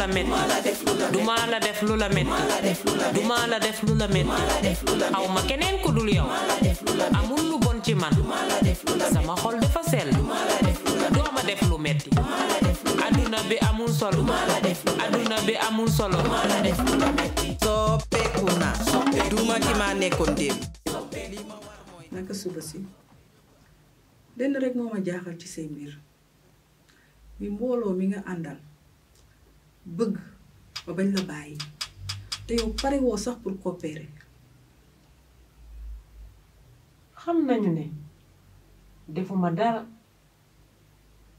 la metti du la def lu la metti du maa la def lu la metti aw keneen ku dul yow amul lu bon ci man sama xol dafa sell doo def lu metti aduna bi amul solo soppeeku naa duma ki ma nekkoon démb bëgg ba bañ la bàyyi te yow parewoo sax pour coopérer xam nañu ne defuma dara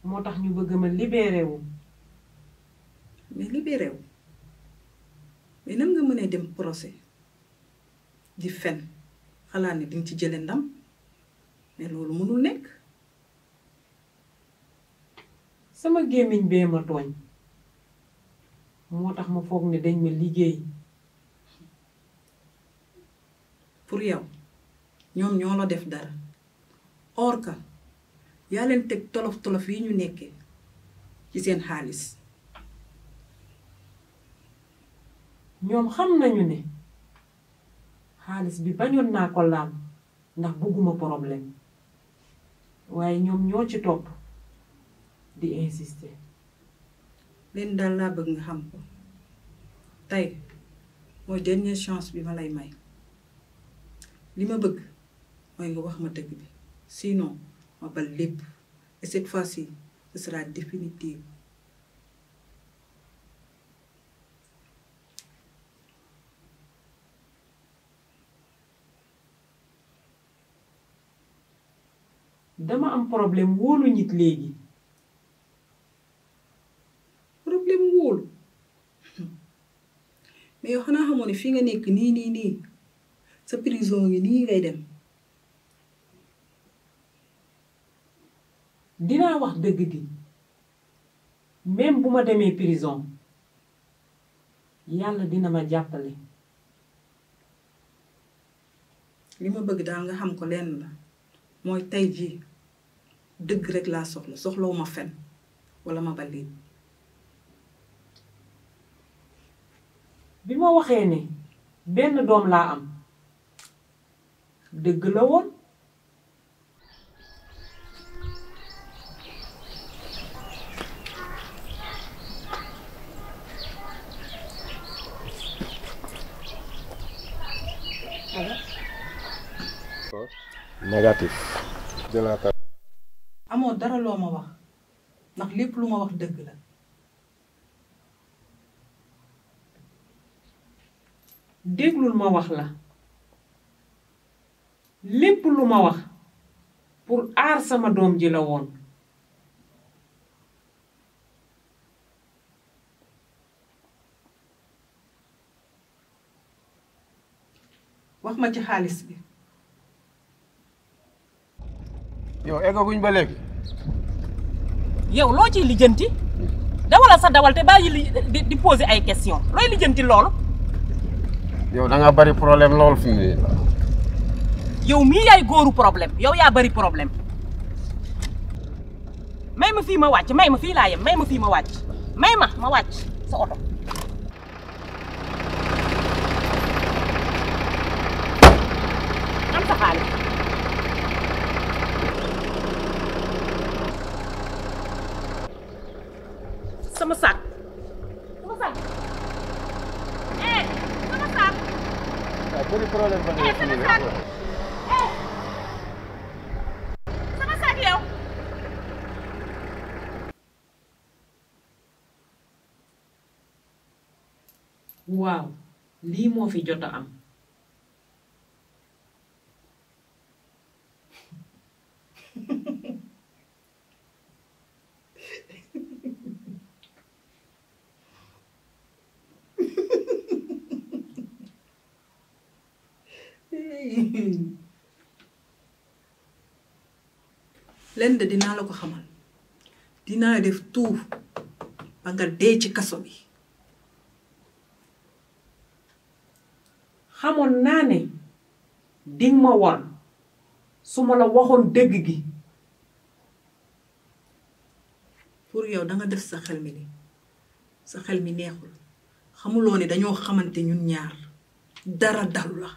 moo tax ñu bëgg ma libéré wu mais libéré wu mais nan nga mënee dem procès di fen xalaat ni dinga ci jële ndam ne loolu mënul nekk sama gémmiñ bee ma tooñ moo tax ma foog ne dañ ma liggéey. pour yow ñoom ñoo la def dara or que yaa leen teg tolof tolof yi ñu nekkee ci seen xaalis. ñoom xam nañu ni xaalis bi bañoon naa ko laal ndax bëgguma problème waaye ñoom ñoo ci topp di insister. leen daal laa bëgg nga xam ko tey mooy dernière chance bi ma lay may li ma bëgg mooy nga wax ma dëgg bi sinon ma bal lépp et cette fois-ci ce sera définitif dama am problème wóolu nit léegi xamoon fii nga nekk nii nii nii sa prison nii ngay dem dinaa wax dëgg gi même bu ma demee prison yàlla dina ma jàppale li ma bëgg daal nga xam ko lenn la mooy tey jii dëgg rek laa soxla soxlawuma fen walla ma balin bi ma waxee ni benn doom laa am dëgg la woon négatif amoon dara loo ma wax ndax lépp lu ma wax dëgg la déglul ma wax la lépp lu ma wax pour aar sama doom ji la woon wax ma ci xaalis bi yow eggaguñ ba léegi yow loo ciy lijjanti dawalal sa dawal te yi li di poser ay question looy lijjanti loolu yow da nga bari problème lool fi mu yow mii yaay góoru problème yow yaa bari problème may ma fii ma wàcc may ma fii laa may ma fii ma wàcc may ma ma wàcc sa am sa xaalis. sama sàkk lii fi jot am lenn de dinaa la ko xamal dinaa def tuuf ba nga dee ci kaso bi xamoon naa ne dinga ma won su ma la waxoon dëgg gi pour yow danga def sa xel mi ni sa xel mi neexul xamuloo ne dañoo xamante ñun ñaar dara dalu la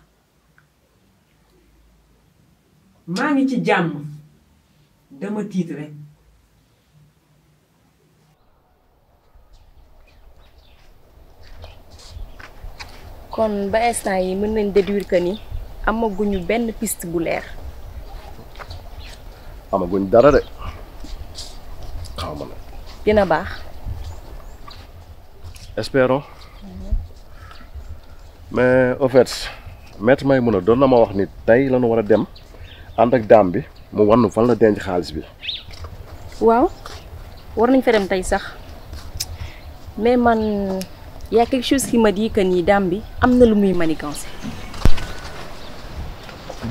maa ngi ci jàmm dama tiit rekk kon ba instant yi mën nañ déduire que ni am amaguñu benn piste bu leer. amaguñ dara de xaw ma nag. dina baax. espérons mais au fait maître Maïmouna doon na ma wax ni tey la war a dem ànd ak daam bi mu wannu fan la denc xaalis bi. waaw war nañ fa dem tey sax mais man. y a quelque chose qui m'a dit que nii daam bi am na lu muy manigancé.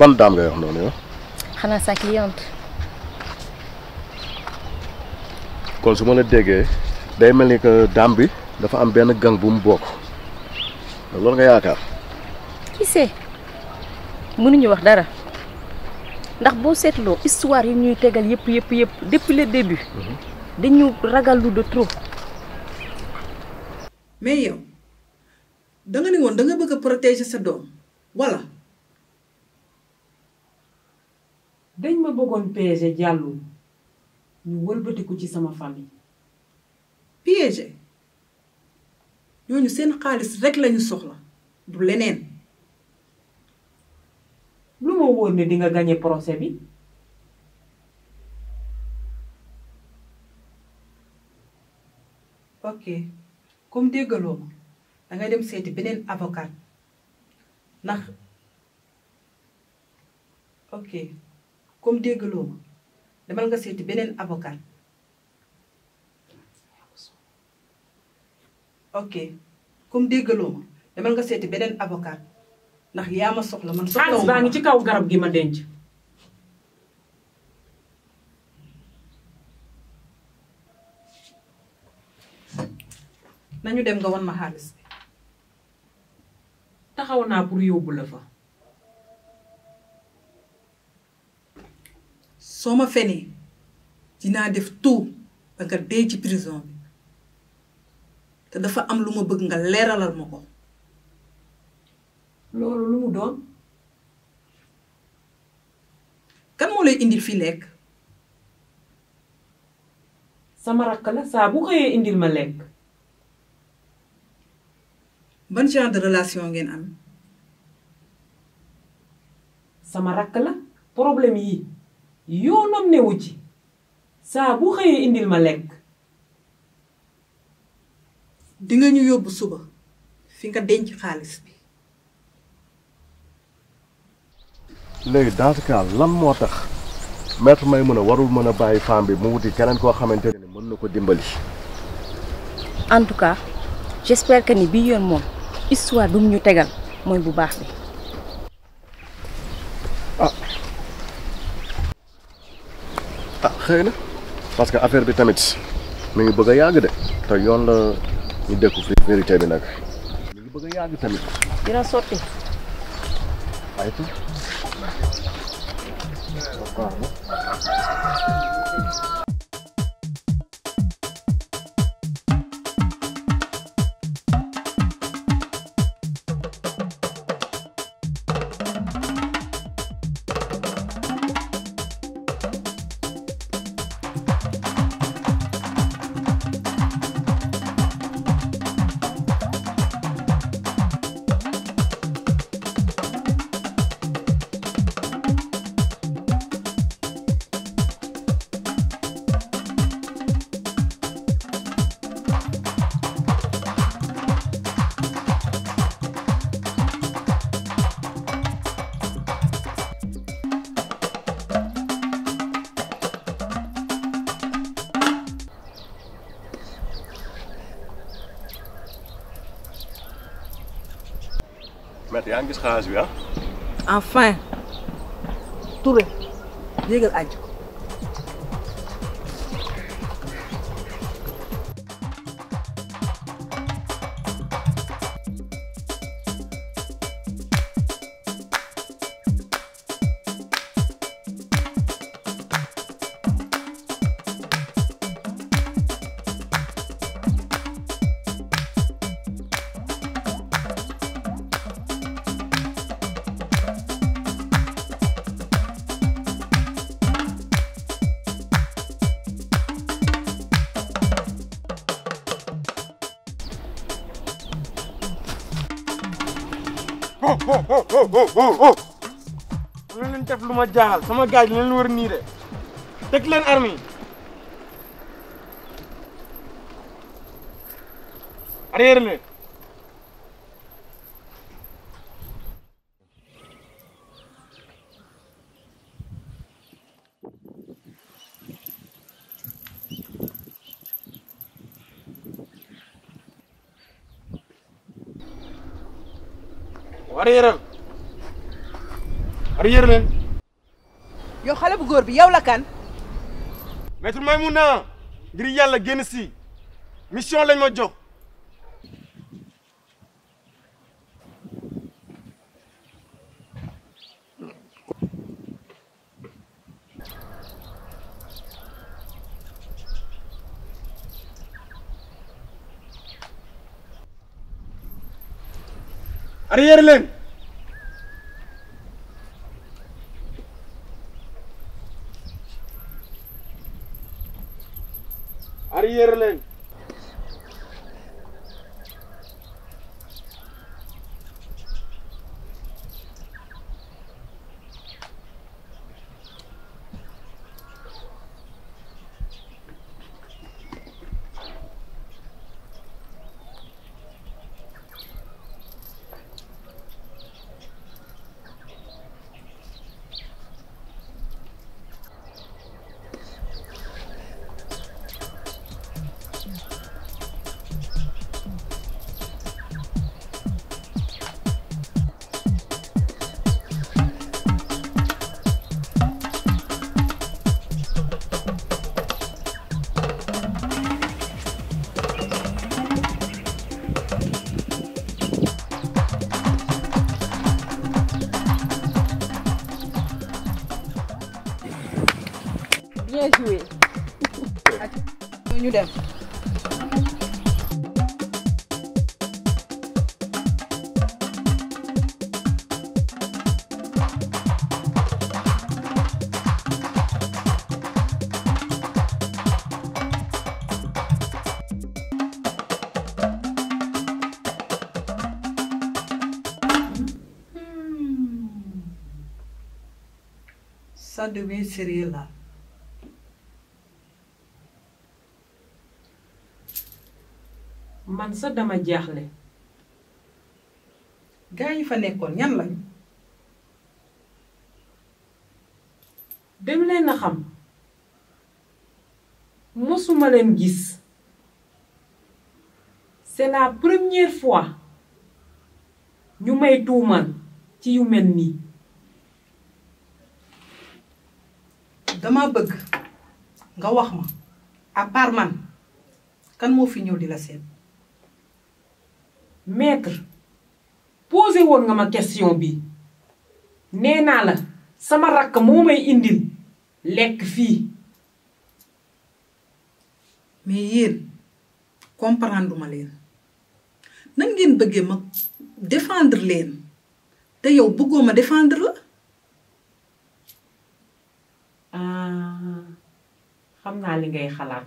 ban daam ngay wax noonu yow. xanaa sa cliente. kon su ma la déggee day mel ni que daam bi dafa am benn gang bu mu bokk loolu nga yaakaar. qui sait mënuñu wax dara ndax boo seetloo histoire yu ñuy tegal yëpp yëpp yëpp depuis le début. Mhm. dañu ragal lu de trop. mais yow danga ne woon danga bëgg a protéger sa doom walla dañ ma bëggoon piéger jàllul ñu wëlbatiku ci sama famille. piéger ñooñu seen xaalis rekk lañu soxla du leneen. lu ma wóor ne dinga gañe procès bi. ok. comme déggaloo ma dangay dem seeti beneen avocat ndax ok comme déggaloo ma demal nga seeti beneen avocat ok comme déggaloo ma demal nga seeti beneen avocat ndax yaa ma soxla man. soxla wu ma xaalis ci kaw garab gi ma denc. nañu dem nga wan ma xaalis bi taxaw naa pour yóbbu la fa soo ma fenee dinaa def tout ba dee ci prison bi te dafa am lu ma bëgg nga leeralal ma ko loolu lu mu doon kan moo lay indil fii lekk sama rakk la saa bu xëyee indil ma lekk man genre de relation ngeen am. sama rakk la problème yi yoonam newu ci saa bu xëyee indil ma lekk. dinga ñu yóbbu suba fi nga denc xaalis bi. léegi dans ce cas moo tax maître may mën a warul mën a bàyyi femme bi mu wuti keneen koo xamante ne mën na ko dimbali. en tout cas j'espère que ni bii yoon moom. histoire bi mu ñu tegal mooy bu baax bi. ah ah xëy na parce que affaire bi tamit mi ngi bëgg a yàgg de te yoon la ñu découvrir vérité bi nag. mi ngi bëgg a yàgg tamit. dina sotti. yaa ngi gis xaalis bi ah. enfin Touré yéegal àjj. oh lu leen def lu ma jaaxal sama gars yi leen war nii de teg leen armes yi. arrière xale bu góor bi yow la kan. maître Maimouna ngir yàlla génn si mission lañ ma jox. dem ça devient man sa dama jaaxle. gaa yi fa nekkoon ñan lañ. dem leen a xam mosuma leen gis c'est la première fois ñu may tuumal ci yu mel nii. dama bëgg nga wax ma à part man kan moo fi ñëw di la seet. maître posé woon nga ma question bi nee naa la sama rakk moo may indil lekk fii mais yéen comprendre ma leen nan ngeen bëggee ma defendre leen te yow bëggoo ma défendre la ah, xam naa li ngay xalaat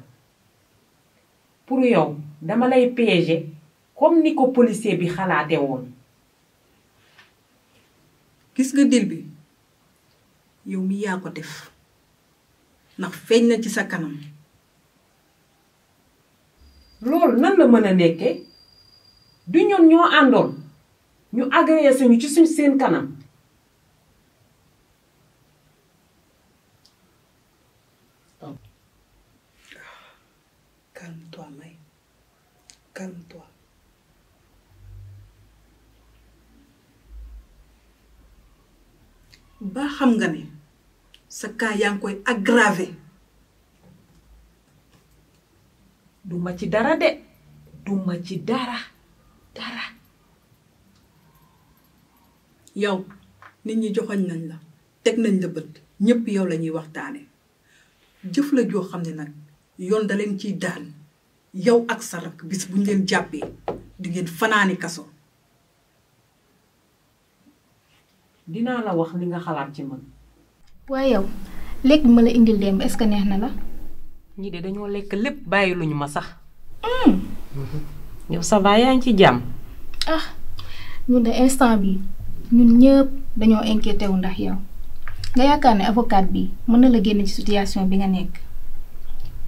pour yow dama lay piéger comme ni ko policier bi xalaate woon gis nga dil bi yow mi yaa ko def ndax feeñ na ci sa kanam loolu nan la mën a nekke du ñun ñoo àndoon ñu agressé ñu ci suñ seen kanam ah. calme-toi May ba xam nga ni sa cas yaa ngi koy aggravé du ci dara de du ci dara dara yow nit ñi joxoñ nañ la teg nañ la bët ñépp yow lañuy waxtaane jëf la joo xam ne nag yoon da leen ciy daan yow ak sa rakk bis buñ leen jàppee di fanaani kaso dinaa la wax li nga xalaat ci man. waaye yow lekk ma la indil dem est-ce que neex na la. ñii de dañoo lekk lépp bàyyi luñu ma sax. Hmm. yow ça va yaa ngi ci jàmm. ah ñun de instant bi ñun ñëpp dañoo inquiété wu ndax yow nga yaakaar ne avocat bi mën na la génne ci situation bi nga nekk.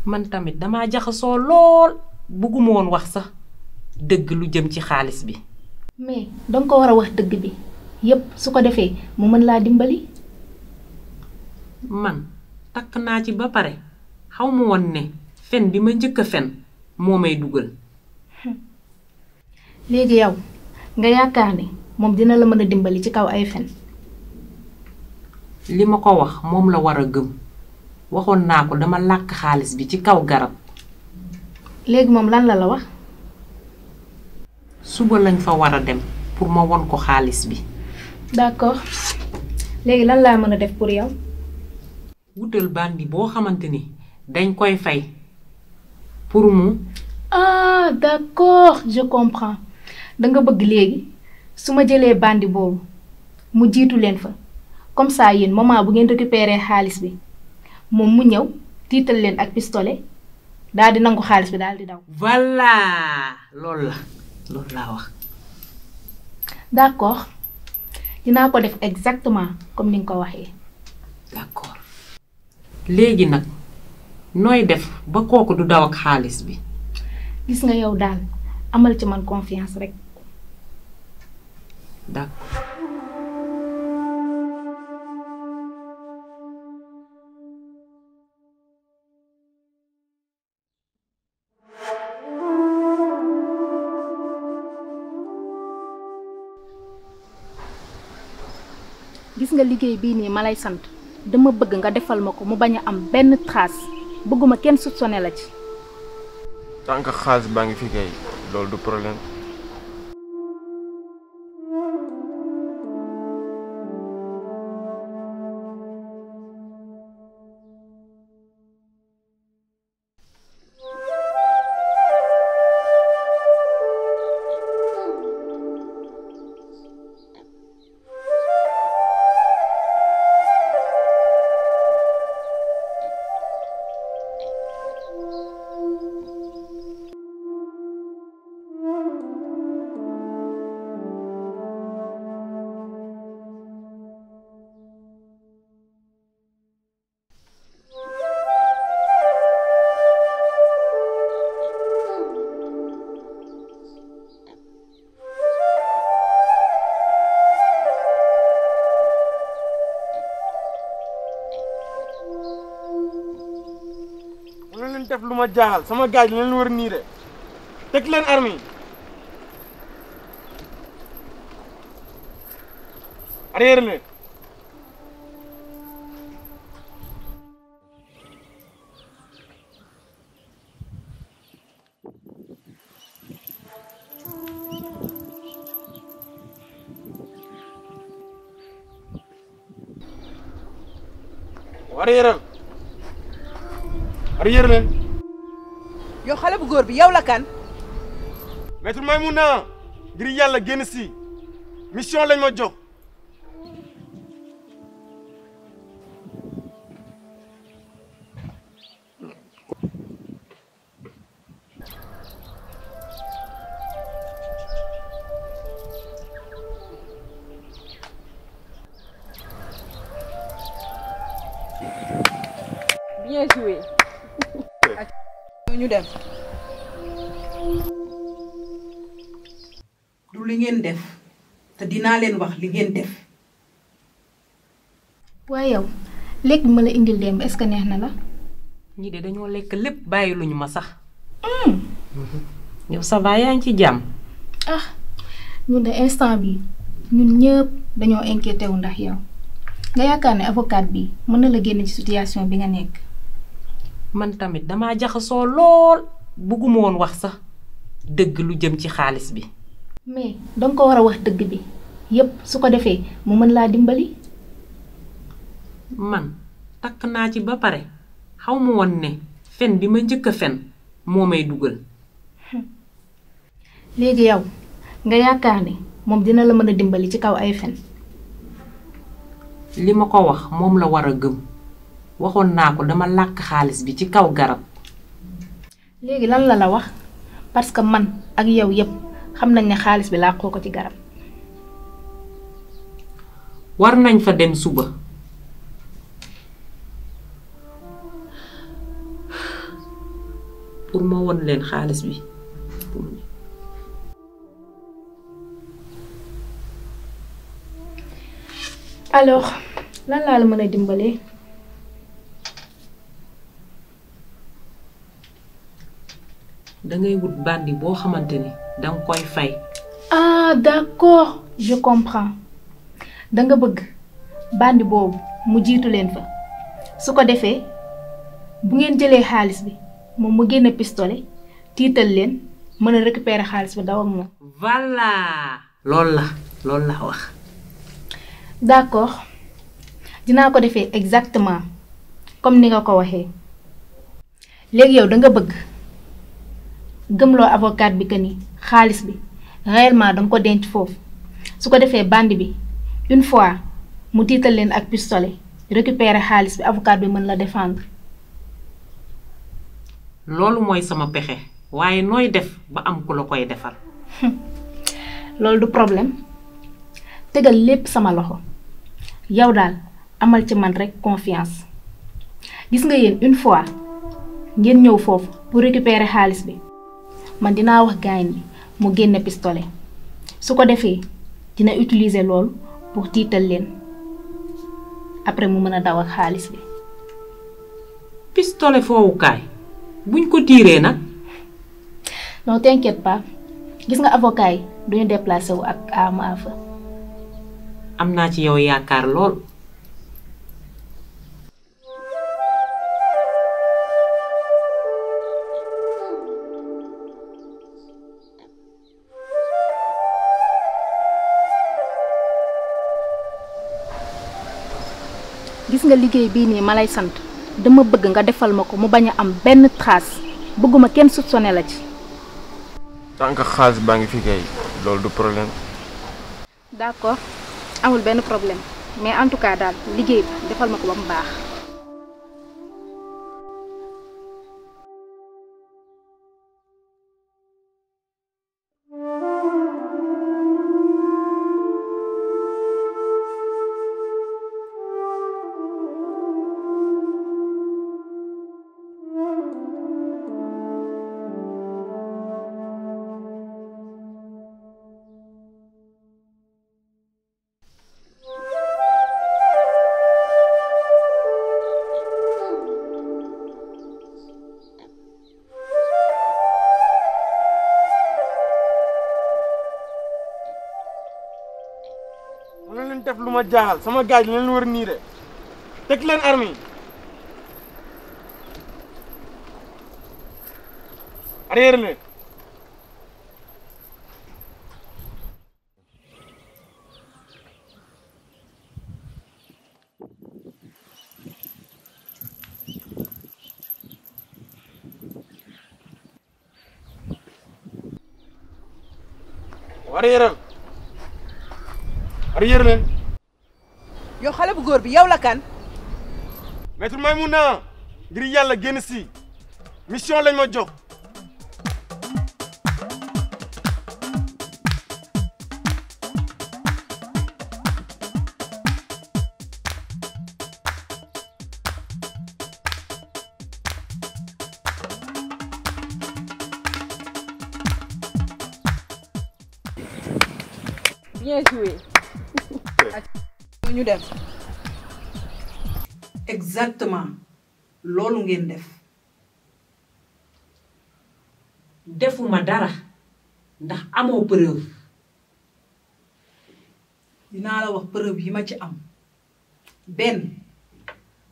man tamit damaa jaxasoo lool bëgguma woon wax sax dëgg lu jëm ci xaalis bi. mais danga ko war a wax dëgg bi. yépp su ko defee mu mën laa dimbali. man takk naa ci ba pare xaw ma woon ne fen bi ma njëkk a fen moo may dugal. léegi yow nga yàkkaar ne moom dina la mën a dimbali ci kaw ay fen. li ma ko wax moom la war a gëm waxoon naa ko dama làkk xaalis bi ci kaw garab. léegi moom lan la la wax. suba lañ fa war a dem pour ma won ko xaalis bi. d'accord léegi lan laa mën a def pour yow. wutal bandi boo xamante ni dañ koy fay pour mu. ah d'accord je comprends da nga bëgg léegi su ma jëlee bandi boobu mu jiitu leen fa comme ça yéen moment bu ngeen récupérer xaalis bi moom mu ñëw tiital leen ak pistolet daal di nangu xaalis bi daal di daw. voilà loolu la loolu la wax. d'accord. dinaa ko def exactement comme ni nga ko waxee. d'accord léegi nag nooy def ba kooku du daw ak xaalis bi. gis nga yow daal amal ci man confiance rek. d'accord. nga liggéey bii nii ma lay sant dama bëgg nga defal ma ko mu bañ a am benn trace bëgguma kenn soupçonné la ci. tant xaalis baa ngi fi kay loolu du problème. lu ma jaaxal sama gars yi leen war a niire teg leen armes yi yow xale bu góor bi yow la kan. maître Maimouna ngir yàlla génn si mission lañ ma jox. dem du li ngeen def te dinaa leen wax li ngeen def waaye yow lekk bi ma la indil démb est-ce que neex na la ñii de dañoo lekk lépp bàyyi luñu ma sax hmm. mm-hmm. yow ça va yaa ngi ci jàmm ah ñun de instant bi ñun ñëpp dañoo inquiété wu ndax yow nga yaakaar ne avocat bi mën na la génn ci situation bi nga nekk man tamit damaa jaxasoo lool bëgguma woon wax sax dëgg lu jëm ci xaalis bi. mais danga ko war a wax dëgg bi yépp su ko defee mu mën laa dimbali. man takk naa ci ba pare xaw ma woon ne fen bi ma njëkk a fen moo may dugal. Hmm. léegi yow nga yaakaar ne moom dina la mën a dimbali ci kaw ay fen. li ma ko wax moom la war a gëm. waxoon naa ko dama làkk xaalis bi ci kaw garab. léegi lan la la wax parce que man ak yow yépp xam nañ ne xaalis bi làkkoo ko ci garab. war nañ fa dem suba. pour ma won leen xaalis bi. alors lan laa la mën a dimbalee. dangay wut bandi boo xamante ni danga koy fay. ah d'accord je comprends danga bëgg bandi boobu mu jiitu leen fa su ko defee bu ngeen jëlee xaalis bi moom mu génn pistolet tiital leen mën a récupérer xaalis bi daw ak moom. voilà. loolu la loolu la wax. d'accord dinaa ko defee exactement comme ni nga ko waxee léegi yow danga bëgg. gëmloo avocat bi que nii xaalis bi réellement danga ko denc foofu su ko defee bande bi une fois mu tiital leen ak pistolet récupérer xaalis bi avocat bi mën la défendre. loolu mooy sama pexe waaye nooy def ba am ku la koy defal. loolu du problème tegal lépp sama loxo yow daal amal ci man rekk confiance gis nga yéen une fois ngeen ñëw foofu pour récupérer xaalis bi. man dinaa wax gaañ mu génn pistolet su ko defee dina utiliser lool pour tiital leen après mu mën a daw ak xaalis bi. pistole foowukaay buñ ko tiiree nag. non t'inquiète pas gis nga avocat yi duñu déplacé wu ak arme à am naa ci yow yaakaar lool. gis nga liggéey bii nii ma lay sant dama bëgg nga defal ma ko mu bañ a am benn trace bëgguma kenn soupçonné la ci. tant que xaalis baa ngi fi kay loolu du problème. d'accord amul benn problème mais en tout cas daal liggéey bi defal ma ko ba mu baax. lu ma jaaxal sama gaay yi leen wër nii de teg leen arme yi arrière bu góor bi yow la kan. maître Maimouna ngir yàlla génn si mission lañ ma jox. bien joué. exactement loolu ngeen def defuma dara ndax amoo preuve dinaa la wax preuve yi ma ci am benn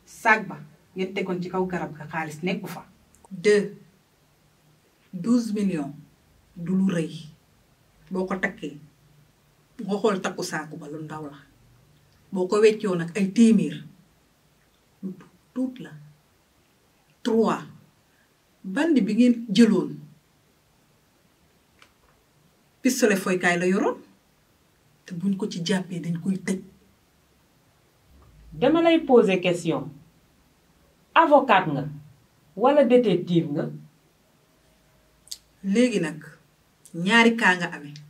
saag ba ngeen tegoon ci kaw garab ga xaalis nekku fa deux douze million du lu rëy boo ko takkee nga xool takku saaku ba lu ndaw la boo ko weccoo nag ay téeméer tuut la trois band bi ngeen jëloon pistolet foykaay la yoroon te buñ ko ci jàppee dañ koy tëj dama lay poser question avocat nga wala détective nga léegi nag ñaari kaa nga amee